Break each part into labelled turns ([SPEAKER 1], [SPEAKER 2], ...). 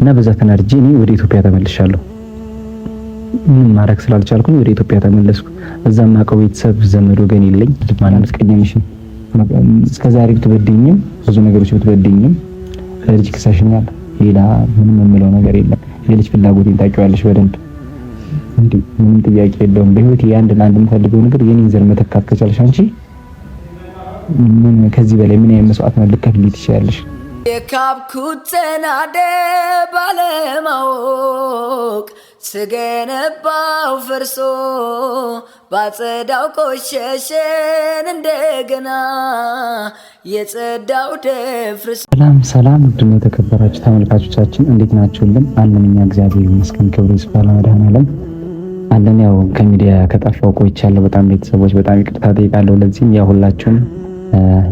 [SPEAKER 1] እና በዛ ተናድጄ እኔ ወደ ኢትዮጵያ ተመልሻለሁ። ምንም ማድረግ ስላልቻልኩኝ ወደ ኢትዮጵያ ተመለስኩ። እዛም አውቀው ቤተሰብ ዘመድ ወገን የለኝ። ማንም አስቀየምሽም፣ እስከዛሬ ብትበድኝም ብዙ ነገሮች ብትበድኝም ልጅ ክሰሽኛል። ሌላ ምንም የምለው ነገር የለም። ሌሎች ፍላጎቴን ታውቂዋለሽ በደንብ እንዴ፣ ምንም ጥያቄ የለውም። በህይወት የአንድ አንድ የምፈልገው ነገር የኔን ዘር መተካት ከቻልሽ አንቺ ምን ከዚህ በላይ ምን አይነት መስዋዕት ልከፍል ትችያለሽ? የካብኩት ተናደ ባለማወቅ ስገነባው ፈርሶ ባጸዳው ቆሸሸን እንደገና የጸዳው ደፍርሶ። ሰላም ሰላም፣ ውድና የተከበራችሁ ተመልካቾቻችን እንዴት ናችሁልን? አለንኛ እግዚአብሔር ይመስገን፣ ክብሩ ይስፋ ለመድኃኔዓለም። አለን ያው ከሚዲያ ከጠፋው ቆይቻለሁ በጣም ቤተሰቦች፣ በጣም ይቅርታ ጠይቃለሁ። ለዚህም ያው ሁላችሁም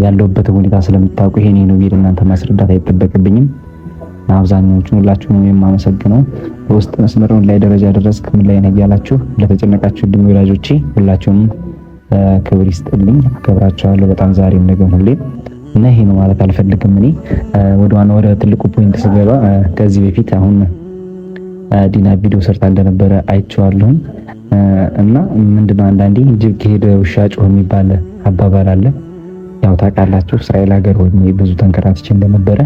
[SPEAKER 1] ያለውበትን ሁኔታ ስለምታውቁ ይሄ ነው ብዬ እናንተ ማስረዳት አይጠበቅብኝም። አብዛኛዎቹን ሁላችሁንም የማመሰግነው በውስጥ መስመር ላይ ደረጃ ድረስ ምን ላይ ነህ ያላችሁ ለተጨነቃችሁ ድም ወላጆቼ ሁላችሁም ክብር ይስጥልኝ፣ አከብራችኋለሁ በጣም ዛሬም ነገም ሁሌም እና ይሄ ነው ማለት አልፈልግም። እኔ ወደ ዋና ወደ ትልቁ ፖይንት ስገባ ከዚህ በፊት አሁን ዲና ቪዲዮ ሰርታ እንደነበረ አይቸዋለሁም እና ምንድነው አንዳንዴ ጅብ ከሄደ ውሻ ጮህ የሚባል አባባል አለ። ያው ታውቃላችሁ እስራኤል ሀገር ሆኜ ብዙ ተንከራትቼ እንደነበረ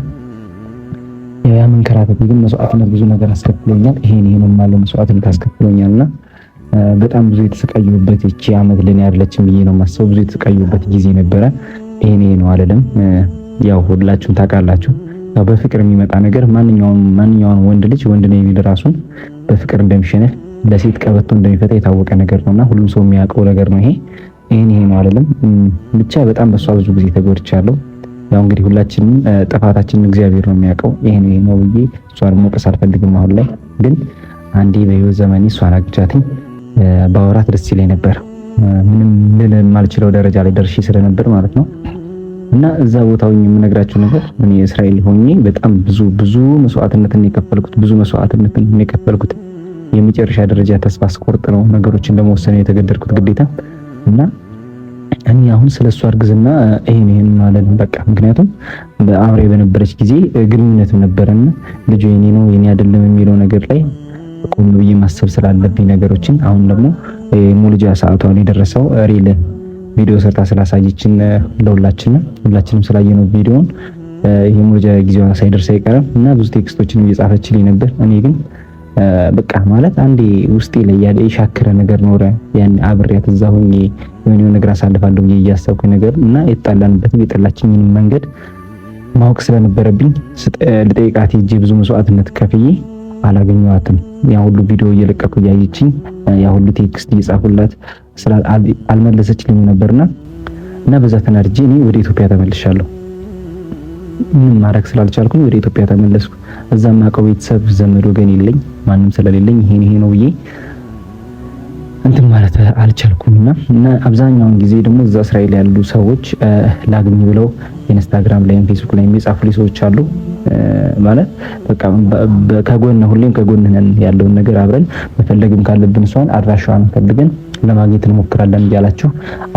[SPEAKER 1] ያ መንከራተት ግን መስዋዕትነት ብዙ ነገር አስከፍሎኛል። ይሄን ይሄን ማለ መስዋዕትነት አስከፍሎኛልና በጣም ብዙ የተሰቃየሁበት እቺ አመት ለኔ አይደለችም ብዬ ነው ማሰብ። ብዙ የተሰቃየሁበት ጊዜ ነበረ። ይሄን ይሄ ነው አይደለም። ያው ሁላችሁም ታውቃላችሁ ያው በፍቅር የሚመጣ ነገር ማንኛውም ማንኛውም ወንድ ልጅ ወንድ ነው የሚል ራሱን በፍቅር እንደሚሸነፍ ለሴት ቀበቶ እንደሚፈታ የታወቀ ነገር ነውና ሁሉም ሰው የሚያውቀው ነገር ነው ይሄ ይህን ይሄ ነው አይደለም ብቻ በጣም በሷ ብዙ ጊዜ ተጎድቻለሁ። ያው እንግዲህ ሁላችንም ጥፋታችንን እግዚአብሔር ነው የሚያውቀው። ይህን ይሄ ነው ብዬ እሷን መውቀስ አልፈልግም። አሁን ላይ ግን አንዴ በህይወት ዘመኔ እሷን አግጃትኝ ባወራት ደስ ይለኝ ነበር። ምንም ልል የማልችለው ደረጃ ላይ ደርሼ ስለነበር ማለት ነው። እና እዛ ቦታው የምነግራችሁ ነገር እኔ እስራኤል ሆኜ በጣም ብዙ ብዙ መስዋዕትነትን የከፈልኩት ብዙ መስዋዕትነትን የከፈልኩት የመጨረሻ ደረጃ ተስፋ አስቆርጥ ነው ነገሮችን ለመወሰን የተገደድኩት ግዴታ እና እኔ አሁን ስለ እሱ እርግዝና ይሄን ይሄን ማለት በቃ ምክንያቱም አብሬ በነበረች ጊዜ ግንኙነትም ነበረና ልጁ የኔ ነው የኔ አይደለም የሚለው ነገር ላይ ቆም ብዬ ማሰብ ስላለብኝ ነገሮችን አሁን ደግሞ ሙልጃ ሰዓቷን የደረሰው ሪል ቪዲዮ ሰርታ ስላሳየችን ለሁላችንም ሁላችንም ስላየነው ቪዲዮን የሙልጃ ጊዜዋ ሳይደርስ አይቀርም እና ብዙ ቴክስቶችን እየጻፈችልኝ ነበር እኔ ግን በቃ ማለት አንዴ ውስጤ ላይ ያለ የሻከረ ነገር ኖረ። ያን አብሬያት እዛ ሆኜ የሆነ ነገር አሳልፋለሁ ብዬ እያሰብኩ ነገር እና የጣላንበትን የጠላችኝን መንገድ ማወቅ ስለነበረብኝ ልጠይቃት ሄጄ ብዙ መስዋዕትነት ከፍዬ አላገኘኋትም። ያ ሁሉ ቪዲዮ እየለቀኩ እያየችኝ፣ ያ ሁሉ ቴክስት እየጻፉላት አልመለሰችልኝም ነበርና እና በዛ ተናድጄ እኔ ወደ ኢትዮጵያ ተመልሻለሁ። ምንም ማድረግ ስላልቻልኩኝ ወደ ኢትዮጵያ ተመለስኩ። እዛም አውቀው ቤተሰብ ዘመድ ወገን የለኝ ማንም ስለሌለኝ ይሄን ይሄ ነው ብዬ እንትን ማለት አልቻልኩምና እና አብዛኛውን ጊዜ ደግሞ እዛ እስራኤል ያሉ ሰዎች ላግኝ ብለው ኢንስታግራም ላይም ፌስቡክ ላይ የሚጻፉ ሰዎች አሉ። ማለት በቃ ከጎን ሁሌም ከጎን ነን ያለውን ነገር አብረን መፈለግም ካለብን እሷን አድራሻዋን ፈልገን ለማግኘት እንሞክራለን እያላችሁ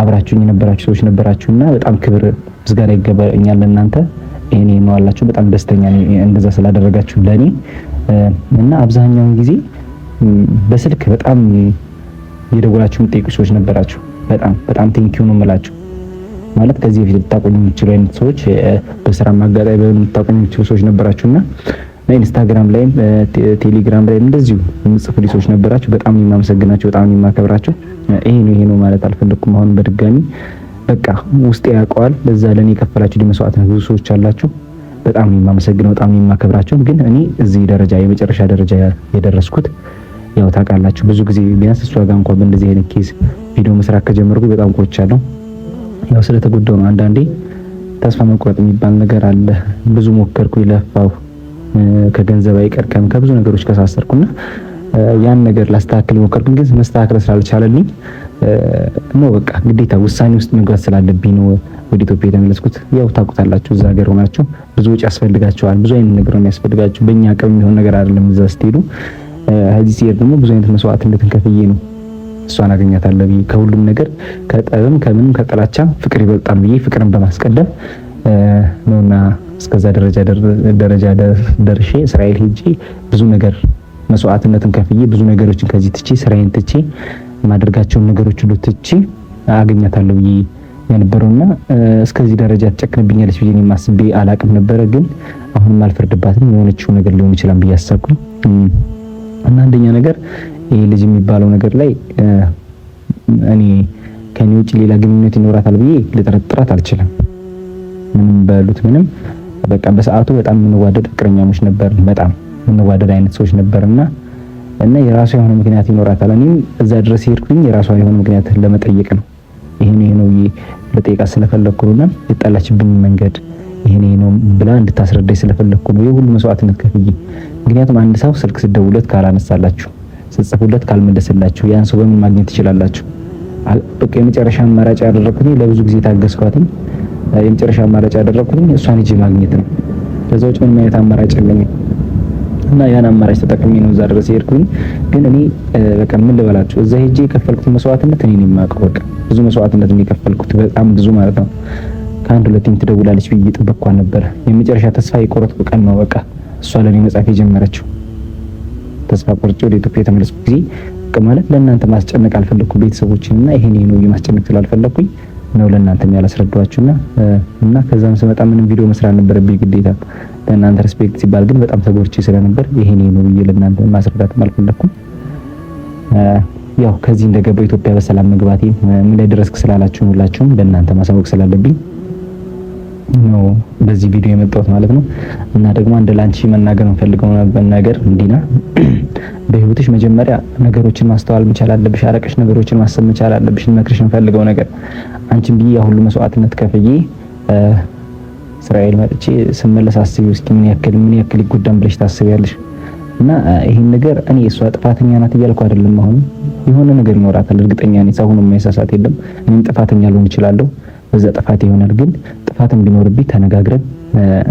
[SPEAKER 1] አብራችሁኝ የነበራችሁ ሰዎች ነበራችሁና በጣም ክብር ምስጋና ይገባኛል ለእናንተ። ይሄን ነው አላችሁ። በጣም ደስተኛ ነኝ እንደዛ ስላደረጋችሁ ለኔ እና አብዛኛውን ጊዜ በስልክ በጣም የደወላችሁ የምጠይቁ ሰዎች ነበራችሁ። በጣም በጣም ቴንኪዩ ነው የምላችሁ። ማለት ከዚህ በፊት ልታቆኙ የምችሉ አይነት ሰዎች በስራ አጋጣሚ በምታቆኝ የምችሉ ሰዎች ነበራችሁና እና ኢንስታግራም ላይም ቴሌግራም ላይም እንደዚሁ የምጽፉ ሰዎች ነበራችሁ። በጣም የማመሰግናችሁ፣ በጣም የማከብራችሁ። ይሄ ነው ይሄ ነው ማለት አልፈለኩም። አሁን በድጋሚ በቃ ውስጥ ያውቀዋል። ለዛ ለእኔ የከፈላችሁ መስዋዕት ብዙ ሰዎች አላችሁ። በጣም ነው የማመሰግነው፣ በጣም ነው የማከብራቸው። ግን እኔ እዚህ ደረጃ የመጨረሻ ደረጃ የደረስኩት ያው ታውቃላችሁ፣ ብዙ ጊዜ ቢያንስ እሷ ጋር እንኳን በእንደዚህ አይነት ኬዝ ቪዲዮ መስራት ከጀመርኩ በጣም ቆይቻለሁ። ያው ስለተጎዳው ነው። አንዳንዴ ተስፋ መቁረጥ የሚባል ነገር አለ። ብዙ ሞከርኩ፣ ይለፋው ከገንዘብ አይቀርቀም ከብዙ ነገሮች ከሳሰርኩና ያን ነገር ላስተካክል ሞከርኩ፣ ግን መስተካከል ስላልቻለልኝ ነው በቃ ግዴታ ውሳኔ ውስጥ መግባት ስላለብኝ ነው ወደ ኢትዮጵያ የተመለስኩት። ያው ታውቁታላችሁ፣ እዛ ሀገር ሆናችሁ ብዙ ወጪ ያስፈልጋችኋል። ብዙ አይነት ነገር ነው ያስፈልጋችሁ። በእኛ አቅም የሚሆን ነገር አይደለም። እዛ ስትሄዱ እዚህ ሲሄድ ደግሞ ብዙ አይነት መስዋዕትነትን ከፍዬ ነው እሷን አገኛታለሁ ብዬ ከሁሉም ነገር ከጠብም ከምንም ከጥላቻ ፍቅር ይበልጣል ብዬ ፍቅርን በማስቀደም ነውና እስከዛ ደረጃ ደረጃ ደርሼ እስራኤል ሄጄ ብዙ ነገር መስዋዕትነትን ከፍዬ ብዙ ነገሮችን ከዚህ ትቼ ስራዬን ትቼ የማደርጋቸውን ነገሮች ሁሉ ትቼ አገኛታለሁ ብዬ የነበረውና እስከዚህ ደረጃ ትጨክንብኛለች ብዬ እኔም አላቅም ነበረ። ግን አሁንም አልፈርድባትም የሆነችው ነገር ሊሆን ይችላል ብዬ አሰብኩኝ እና አንደኛ ነገር ይሄ ልጅ የሚባለው ነገር ላይ እኔ ከኔ ውጭ ሌላ ግንኙነት ይኖራታል ብዬ ልጠረጥራት አልችልም። ምንም በሉት ምንም በቃ በሰዓቱ በጣም የምንዋደድ ፍቅረኛሞች ነበር። በጣም የምንዋደድ አይነት ሰዎች ነበርና እና የራሷ የሆነ ምክንያት ይኖራታል። እኔም እዛ ድረስ ሄድኩኝ የራሷ የሆነ ምክንያት ለመጠየቅ ነው። ይሄን ይሄ ነው ለጠይቃ ስለፈለግኩ ነውና የጣላችብኝ መንገድ ይሄን ይሄ ነው ብላ እንድታስረዳኝ ስለፈለግኩ ነው የሁሉ መስዋዕትነት ከፍዬ። ምክንያቱም አንድ ሰው ስልክ ስደውለት ካላነሳላችሁ፣ ስጽፉለት ካልመለስላችሁ ያን ሰው በምን ማግኘት ትችላላችሁ? በቃ የመጨረሻ አማራጭ ያደረኩኝ ለብዙ ጊዜ ታገስኳትም፣ የመጨረሻ አማራጭ ያደረኩኝ እሷን ሂጅ ማግኘት ነው። ከዛ ውጭ ምንም አይነት አማራጭ የለኝም። እና ያን አማራጭ ተጠቅሜ ነው እዛ ድረስ የሄድኩኝ። ግን እኔ በቃ ምን ልበላችሁ እዛ ሄጄ የከፈልኩት መስዋዕትነት እኔ ነው የማውቀው። በቃ ብዙ መስዋዕትነት ነው የከፈልኩት፣ በጣም ብዙ ማለት ነው። ከአንድ ሁለቴም ትደውላለች ብዬ እየጠበቅኳ ነበረ። የመጨረሻ ተስፋ የቆረጥኩ ቀን ነው በቃ እሷ ለእኔ መጻፍ የጀመረችው። ተስፋ ቆርጬ ወደ ኢትዮጵያ የተመለስኩ ጊዜ ማለት ለእናንተ ማስጨነቅ አልፈለኩም ቤተሰቦችንና ይሄን ይሄን ነው ማስጨነቅ ስላልፈለኩኝ ነው ለእናንተም ያላስረዳኋችሁና እና ከዛም ስመጣ ምንም ቪዲዮ መስራት ነበረብኝ ግዴታ ለእናንተ ሪስፔክት ሲባል ግን በጣም ተጎርቼ ስለነበር ይሄ ነው ብዬ ለእናንተ ማስረዳት አልፈለኩም። ያው ከዚህ እንደገባ ኢትዮጵያ በሰላም መግባቴ ምን ላይ ደረስክ ስላላችሁ ሁላችሁም ለእናንተ ማሳወቅ ስላለብኝ ነው በዚህ ቪዲዮ የመጣሁት ማለት ነው። እና ደግሞ አንድ ላንቺ መናገር የምፈልገው ነገር እንዲና በህይወትሽ መጀመሪያ ነገሮችን ማስተዋል መቻል አለብሽ። አረቀሽ ነገሮችን ማሰብ መቻል አለብሽ። መክርሽ የምፈልገው ነገር አንቺን ብዬ ያ ሁሉ መስዋዕትነት ከፍዬ እስራኤል መጥቼ ስመለስ አስቢ እስኪ ምን ያክል ምን ያክል ይጎዳን ብለሽ ታስቢያለሽ? እና ይሄን ነገር እኔ እሷ ጥፋተኛ ናት እያልኩ አይደለም። አሁን የሆነ ነገር ይኖራታል እርግጠኛ ነኝ። ሰው ሆኖ የማይሳሳት የለም። እኔም ጥፋተኛ ልሆን እችላለሁ፣ በዛ ጥፋት ይሆናል። ግን ጥፋትም ቢኖርብኝ ተነጋግረን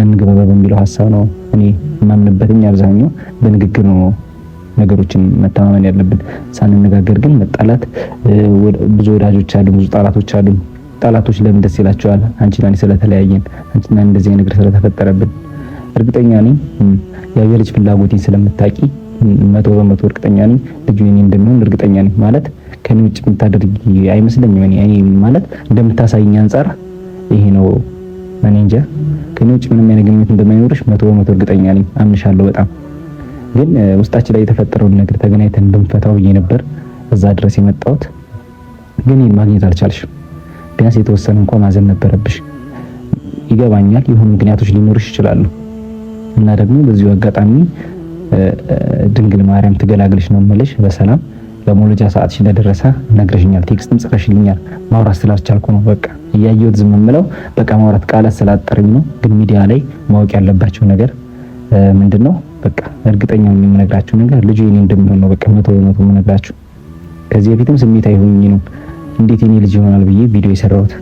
[SPEAKER 1] እንግባባ በሚለው ሀሳብ ነው እኔ የማምንበትኝ። አብዛኛው በንግግር ነው ነገሮችን መተማመን ያለብን። ሳንነጋገር ግን መጣላት ብዙ ወዳጆች አሉ፣ ብዙ ጠላቶች አሉ። ጠላቶች ለምን ደስ ይላቸዋል? አንቺና እኔ ስለተለያየን፣ አንቺና እንደዚህ ነገር ስለተፈጠረብን እርግጠኛ ነኝ ያ ልጅ ፍላጎቴን ስለምታውቂ መቶ በመቶ እርግጠኛ ነኝ ልጁ የኔ እንደሚሆን እርግጠኛ ነኝ። ማለት ከኔ ውጭ የምታደርጊ አይመስለኝም። እኔ ማለት እንደምታሳይኝ አንጻር ይሄ ነው። እኔ እንጃ ከኔ ውጭ ምንም አይነት ግንኙነት እንደማይኖርሽ መቶ በመቶ እርግጠኛ ነኝ። አምንሻለሁ በጣም ግን ውስጣችን ላይ የተፈጠረውን ነገር ተገናኝተን ብንፈታው ብዬ ነበር እዛ ድረስ የመጣሁት ግን ማግኘት አልቻልሽም። ቢያንስ የተወሰነ እንኳ ማዘን ነበረብሽ። ይገባኛል፣ የሆኑ ምክንያቶች ሊኖርሽ ይችላሉ እና ደግሞ በዚሁ አጋጣሚ ድንግል ማርያም ትገላግልሽ ነው የምልሽ። በሰላም ለመውለጃ ሰዓትሽ እንደደረሰ ነግረሽኛል፣ ቴክስትም ጽፈሽልኛል። ማውራት ስላልቻልኩ ነው በቃ እያየሁት ዝም የምለው በቃ ማውራት ቃላት ስላጠረኝ ነው። ግን ሚዲያ ላይ ማወቅ ያለባቸው ነገር ምንድን ነው? በቃ እርግጠኛ ነኝ የምነግራችሁ ነገር ልጁ የኔ እንደሚሆን ነው። በቃ መቶ በመቶ የምነግራችሁ ከዚህ በፊትም ስሜታዊ ሆኜ ነው እንዴት የኔ ልጅ ይሆናል ብዬ ቪዲዮ የሰራሁት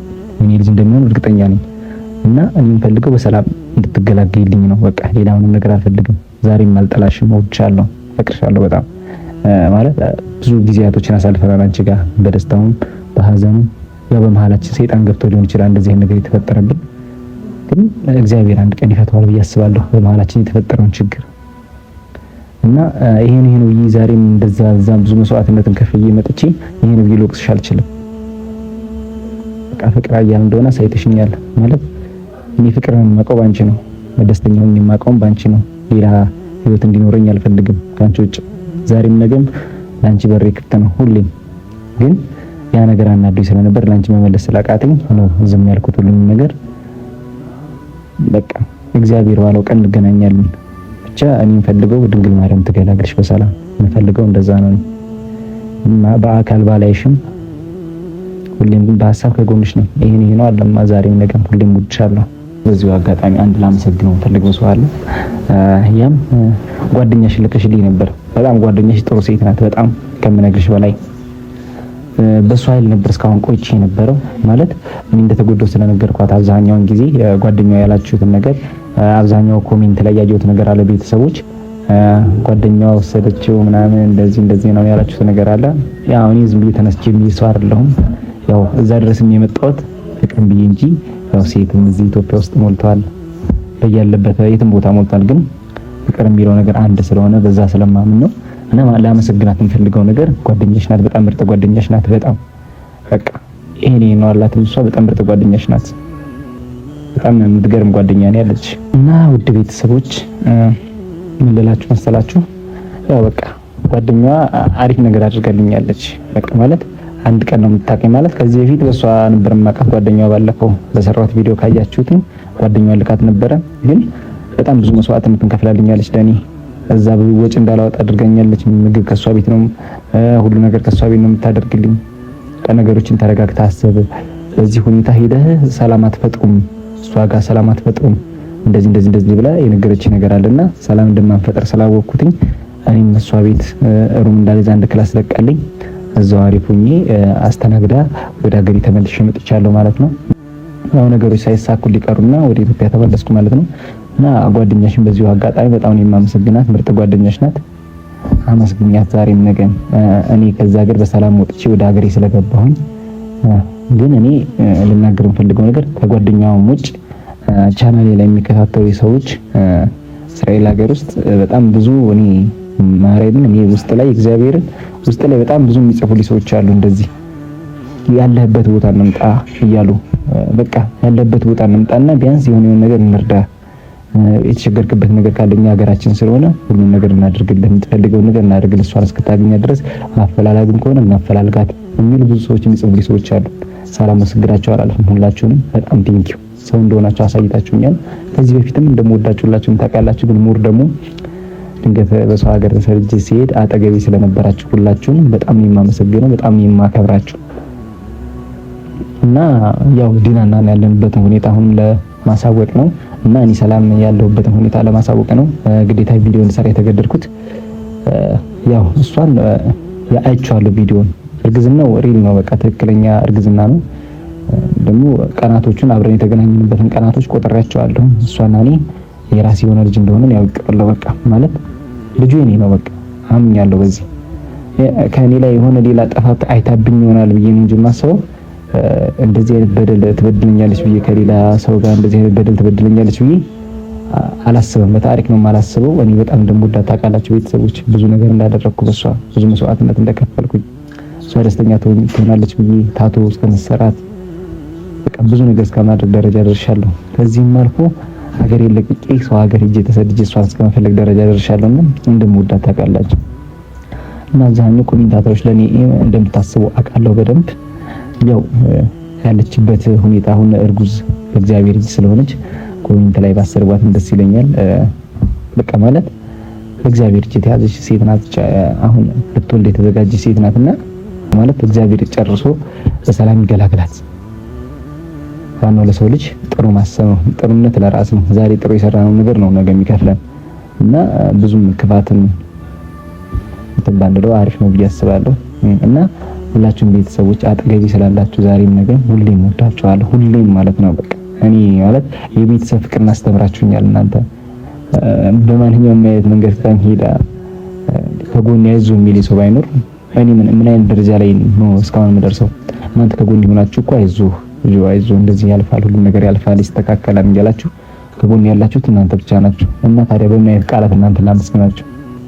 [SPEAKER 1] የኔ ልጅ እንደሚሆን እርግጠኛ ነኝ። እና እኔ የምፈልገው በሰላም እንድትገላገልኝ ነው። በቃ ሌላ ምንም ነገር አልፈልግም። ዛሬም አልጠላሽም፣ እወድሻለሁ፣ ፈቅርሻለሁ በጣም ማለት ብዙ ጊዜያቶችን አሳልፈናል አንቺ ጋር በደስታውም በሀዘኑም ያው በመሀላችን ሰይጣን ገብቶ ሊሆን ይችላል እንደዚህ ነገር የተፈጠረብን፣ ግን እግዚአብሔር አንድ ቀን ይፈተዋል ብዬ አስባለሁ በመሀላችን የተፈጠረውን ችግር እና ይሄን ይሄን ብዬ ዛሬም እንደዛ ዛም ብዙ መስዋዕትነትን ከፍዬ መጥቼ ይሄን ብዬ ልወቅስሽ አልችልም። በቃ ፍቅር አያል እንደሆነ ሳይተሽኛል ማለት እኔ ፍቅርን የማውቀው ባንቺ ነው። ደስተኛ ሆኜ የማውቀውም ባንቺ ነው። ሌላ ህይወት እንዲኖረኝ አልፈልግም ካንቺ ውጭ። ዛሬም ነገም ላንቺ በሬ ክፍት ነው ሁሌም። ግን ያ ነገር አናዶኝ ስለነበር ላንቺ መመለስ ስላቃተኝ ነው ዝም ያልኩት። ሁሉንም ነገር በቃ እግዚአብሔር ባለው ቀን እንገናኛለን። ብቻ እኔ የምፈልገው ድንግል ማርያም ትገላግልሽ በሰላም የምፈልገው እንደዛ ነው። በአካል ባላይሽም ሁሌም ግን በሀሳብ ከጎንሽ ነኝ። ይሄን ይሄ ነው አለማ ዛሬም ነገም ሁሌም ውድሻለሁ። በዚሁ አጋጣሚ አንድ ላመሰግነው ፈልግ ሰው አለ። ያም ጓደኛሽ ልከሽልኝ ነበር። በጣም ጓደኛሽ ጥሩ ሴት ናት። በጣም ከምነግርሽ በላይ በእሱ ኃይል ነበር እስካሁን ቆይቼ የነበረው። ማለት እኔ እንደተጎዳው ስለነገርኳት አብዛኛውን ጊዜ ጓደኛው ያላችሁትን ነገር አብዛኛው ኮሜንት ላይ ያየሁት ነገር አለ። ቤተሰቦች ጓደኛዋ ወሰደችው ምናምን እንደዚህ እንደዚህ ነው ያላችሁት ነገር አለ። ያው እኔ ዝም ብዬ ተነስቼ የሚል ሰው አይደለሁም። ያው እዛ ድረስም የመጣሁት ፍቅርም ብዬ እንጂ ያው ሴትም እዚህ ኢትዮጵያ ውስጥ ሞልቷል፣ በያለበት የትም ቦታ ሞልቷል። ግን ፍቅር የሚለው ነገር አንድ ስለሆነ በዛ ስለማምን ነው። እና ላመሰግናት የምፈልገው ነገር ጓደኛሽ ናት፣ በጣም ምርጥ ጓደኛሽ ናት። በጣም በቃ ይሄኔ ነው አላት። እሷ በጣም ምርጥ ጓደኛሽ ናት። በጣም የምትገርም ጓደኛ ነው ያለች። እና ውድ ቤተሰቦች ምን ልላችሁ መሰላችሁ? ያው በቃ ጓደኛዋ አሪፍ ነገር አድርጋልኛለች። በቃ ማለት አንድ ቀን ነው የምታቀኝ ማለት ከዚህ በፊት በሷ ነበር የማውቃት ጓደኛዋ ባለፈው በሰራሁት ቪዲዮ ካያችሁትኝ ጓደኛዋ ልካት ነበረ ግን በጣም ብዙ መስዋዕትነትን ከፍላልኛለች ለኔ እዛ ብዙ ወጪ እንዳላወጣ አድርገኛለች ምግብ ከሷ ቤት ነው ሁሉ ነገር ከሷ ቤት ነው የምታደርግልኝ ነገሮችን ተረጋግተህ አስብ በዚህ ሁኔታ ሄደህ ሰላም አትፈጥሩም እሷ ጋር ሰላም አትፈጥሩም እንደዚህ እንደዚህ እንደዚህ ብላ የነገረች ነገር አለና ሰላም እንደማንፈጠር ስላወቅኩትኝ እኔም እሷ ቤት ሩም እንዳለ አንድ ክላስ ለቃልኝ እዛው አሪፍ ሁኜ አስተናግዳ ወደ ሀገሬ ተመልሼ መጥቻለሁ ማለት ነው። ያው ነገሮች ሳይሳኩ ሊቀሩና ወደ ኢትዮጵያ ተመለስኩ ማለት ነው። እና ጓደኛሽን በዚሁ አጋጣሚ በጣም ነው የማመሰግናት። ምርጥ ጓደኛሽ ናት። አመስግኛት ዛሬም ነገም። እኔ ከዛ ሀገር በሰላም ወጥቼ ወደ ሀገሬ ስለገባሁኝ ግን እኔ ልናገር የምፈልገው ነገር ከጓደኛውም ውጭ ቻናሌ ላይ የሚከታተሉ ሰዎች እስራኤል ሀገር ውስጥ በጣም ብዙ እኔ ማርያምን እኔ ውስጥ ላይ እግዚአብሔርን ውስጥ ላይ በጣም ብዙ የሚጽፉልኝ ሰዎች አሉ። እንደዚህ ያለህበት ቦታ እንምጣ እያሉ በቃ ያለህበት ቦታ እንምጣና ቢያንስ የሆነ የሆነ ነገር እንርዳ፣ የተቸገርክበት ነገር ካለኛ ሀገራችን ስለሆነ ሁሉም ነገር እናደርግልህ፣ የምትፈልገውን ነገር እናደርግልህ፣ እሷን እስክታገኛ ድረስ ማፈላለግም ከሆነ እናፈላልጋት የሚሉ ብዙ ሰዎች የሚጽፉልኝ ሰዎች አሉ። ሳላመሰግናቸው አላለፍም። ሁላችሁንም በጣም ቴንኪው ሰው እንደሆናችሁ አሳይታችሁኛል። ከዚህ በፊትም እንደምወዳችሁላችሁም ታውቃላችሁ፣ ግን ሙር ደግሞ ድንገት በሰው ሀገር ተሰርጄ ሲሄድ አጠገቤ ስለነበራችሁ ሁላችሁንም በጣም የማመሰግነው በጣም የማከብራችሁ እና ያው ዲናና ያለንበትን ሁኔታ አሁን ለማሳወቅ ነው እና እኔ ሰላም ያለሁበትን ሁኔታ ለማሳወቅ ነው ግዴታ ቪዲዮ እንድሰራ የተገደድኩት። ያው እሷን አይቼዋለሁ ቪዲዮን። እርግዝናው ሪል ነው፣ በቃ ትክክለኛ እርግዝና ነው። ደግሞ ቀናቶቹን አብረን የተገናኘንበትን ቀናቶች ቆጥሬያቸዋለሁ። እሷና እኔ የራሴ የሆነ ልጅ እንደሆነ ያውቃለሁ። በቃ ማለት ልጁ የኔ ነው በቃ አምኛለሁ። በዚህ ከኔ ላይ የሆነ ሌላ ጥፋት አይታብኝ ይሆናል ብዬ ነው እንጂ የማስበው እንደዚህ አይነት በደል ትበድለኛለች ብዬ ከሌላ ሰው ጋር እንደዚህ አይነት በደል ትበድለኛለች ብዬ አላስብም። በታሪክ ነው የማላስበው። እኔ በጣም እንደምወዳት ታውቃላችሁ ቤተሰቦች፣ ብዙ ነገር እንዳደረግኩ በሷ ብዙ መስዋዕትነት እንደከፈልኩኝ እሷ ደስተኛ ትሆናለች ብዬ ታቶ እስከመሰራት ብዙ ነገር እስከማድረግ ደረጃ ደርሻለሁ። ከዚህም አልፎ ሀገር ለቅቄ ሰው ሀገር ሄጄ ተሰድጄ እሷን እስከመፈለግ ደረጃ ደርሻለሁ እና እንደምወዳት ታውቃላችሁ። እና አብዛኛው ኮሜንታተሮች ለእኔ እንደምታስቡ አውቃለሁ በደንብ ያው ያለችበት ሁኔታ አሁን እርጉዝ በእግዚአብሔር እጅ ስለሆነች ኮሜንት ላይ ባሰርቧትም ደስ ይለኛል። በቃ ማለት በእግዚአብሔር እጅ የተያዘች ሴት ናት። አሁን ልትወልድ የተዘጋጀች ሴት ናት እና ማለት እግዚአብሔር ጨርሶ በሰላም ይገላግላት። ዋናው ለሰው ልጅ ጥሩ ማሰብ ነው። ጥሩነት ለራስ ነው። ዛሬ ጥሩ የሰራነው ነገር ነው ነገ የሚከፍለን እና ብዙም ክፋትም እንትን አሪፍ ነው ብዬ አስባለሁ እና ሁላችሁም ቤተሰቦች አጠገቢ ስላላችሁ ዛሬም ነገ ሁሌም ወዳችኋለሁ። ሁሌም ማለት ነው በቃ እኔ ማለት የቤተሰብ ፍቅር እናስተምራችሁኛል። እናንተ በማንኛውም አይነት መንገድ ሄዳ ከጎን ያዙ የሚል ሰው ባይኖር እኔ ምን አይነት ደረጃ ላይ ነው እስካሁን የምደርሰው? እናንተ ከጎን ሆናችሁ እኮ አይዞህ ልጁ አይዞ እንደዚህ ያልፋል፣ ሁሉም ነገር ያልፋል፣ ይስተካከላል እያላችሁ ከጎን ያላችሁት እናንተ ብቻ ናችሁ። እና ታዲያ በምን አይነት ቃላት እናንተ ላመስግናችሁ?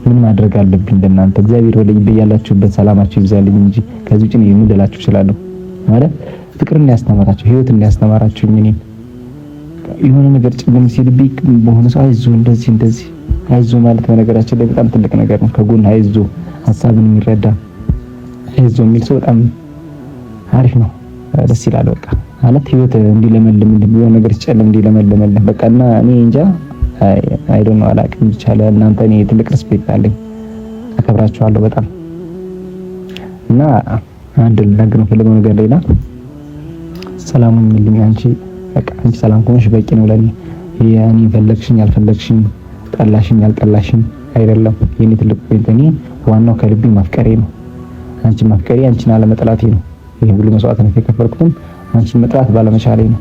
[SPEAKER 1] ምን ማድረግ አለብኝ ለእናንተ? እግዚአብሔር ወለኝ በያላችሁበት ሰላማችሁ ይብዛልኝ እንጂ ከዚህ ውጭ ምን ልላችሁ እችላለሁ? ማለት ፍቅርን ያስተማራችሁ ህይወትን ያስተማራችሁ እኔ የሆነ ነገር ጭልም ሲልብኝ በሆነ ሰው አይዞ እንደዚህ እንደዚህ አይዞ ማለት በነገራችን ላይ በጣም ትልቅ ነገር ነው። ከጎን አይዞ ሀሳብን የሚረዳ አይዞ የሚል ሰው በጣም አሪፍ ነው። ደስ ይላል። በቃ ማለት ህይወት እንዲለመልም የሆነ ነገር ሲጨልም እንዲለመልምልህ በቃ እና እኔ እንጃ አይ ዶንት ኖ አላውቅም። ይቻለ እናንተ እኔ ትልቅ ሪስፔክት አለኝ፣ አከብራችኋለሁ በጣም እና አንድ ልናገር የምፈልገው ነገር ሌላ ሰላም የሚልኝ አንቺ በቃ አንቺ ሰላም ከሆንሽ በቂ ነው ለኔ። የኔ ፈለግሽኝ ያልፈለግሽኝ ጠላሽኝ ያልጠላሽኝ አይደለም የኔ ትልቁ ፖይንት። እኔ ዋናው ከልቤ ማፍቀሬ ነው። አንቺ ማፍቀሬ አንቺን አለመጠላቴ ነው። ይህ ሁሉ መስዋዕትነት የከፈልኩትም አንቺን መጥራት ባለመቻሌ ነው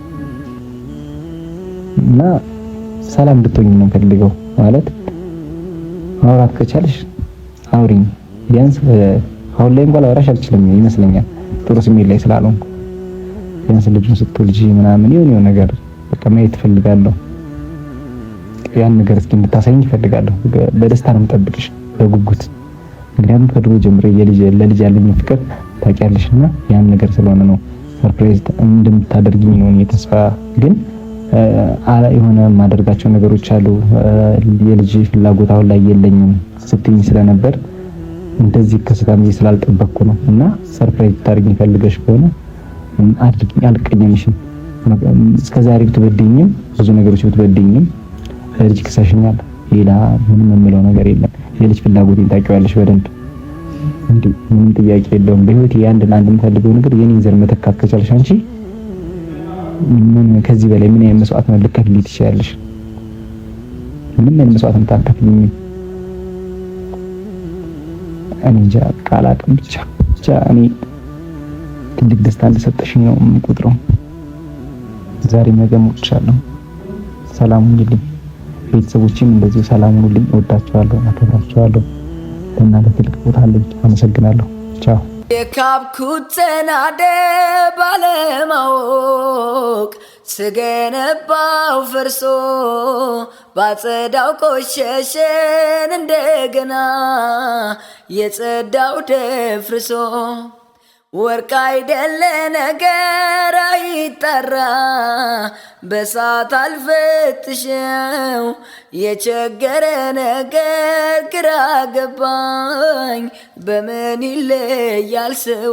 [SPEAKER 1] እና ሰላም እንድትሆኝ ነው ፈልገው ማለት ማውራት ከቻልሽ አውሪኝ። ቢያንስ አሁን ላይ እንኳን ላወራሽ አልችልም ይመስለኛል ጥሩ ስሜት ላይ ስላልሆንኩ ቢያንስ ልጁን ስትወልጂ ምናምን ይሁን ይሁን ነገር በቃ ማየት እፈልጋለሁ። ያን ነገር እስኪ እንድታሳይኝ እፈልጋለሁ። በደስታ ነው የምጠብቅሽ በጉጉት ምክንያቱም ከድሮ ጀምሮ ለልጅ ያለኝ ፍቅር ታውቂያለሽ እና ያን ነገር ስለሆነ ነው ሰርፕራይዝ እንደምታደርግኝ ነው የተስፋ ግን የሆነ የማደርጋቸው ነገሮች አሉ። የልጅ ፍላጎት አሁን ላይ የለኝም ስትኝ ስለነበር እንደዚህ ከስታም ስላልጠበቅኩ ነው። እና ሰርፕራይዝ ታደርግኝ ፈልገሽ ከሆነ አድርግኝ፣ አልቀየምሽም። እስከዛሬ ብትበድኝም ብዙ ነገሮች ብትበድኝም ልጅ ክሰሽኛል። ሌላ ምንም የምለው ነገር የለም። የልጅ ፍላጎቴን ታውቂዋለሽ በደንብ እንዴ። ምንም ጥያቄ የለውም። በህይወት አንድና አንድ የምፈልገው ነገር የኔን ዘር መተካት ከቻልሽ አንቺ ምን ከዚህ በላይ ምን አይነት መስዋዕት ነው ልትከፍዪ ትችያለሽ? ምንም አይነት መስዋዕት የምታከፍዪኝ እኔ እንጃ ቃል አቅም ብቻ ብቻ እኔ ትልቅ ደስታ እንደሰጠሽኝ ነው የምቆጥረው። ዛሬ ነገ እሞትሻለሁ። ሰላም ሁኑልኝ። ቤተሰቦችም እንደዚሁ ሰላም ሁኑልኝ። እወዳቸዋለሁ፣ አከብራቸዋለሁ። ለእናንተ ትልቅ ቦታ አለኝ። አመሰግናለሁ። ቻው። የካብኩት ባለማወቅ ስገነባው ፈርሶ ባጸዳው ቆሸሸን እንደገና የጸዳው ደፍርሶ ወርቅ አይደለ ነገር አይጠራ በሳት አልፈትሸው የቸገረ ነገር ግራ ገባኝ በምን ይለያል ሰው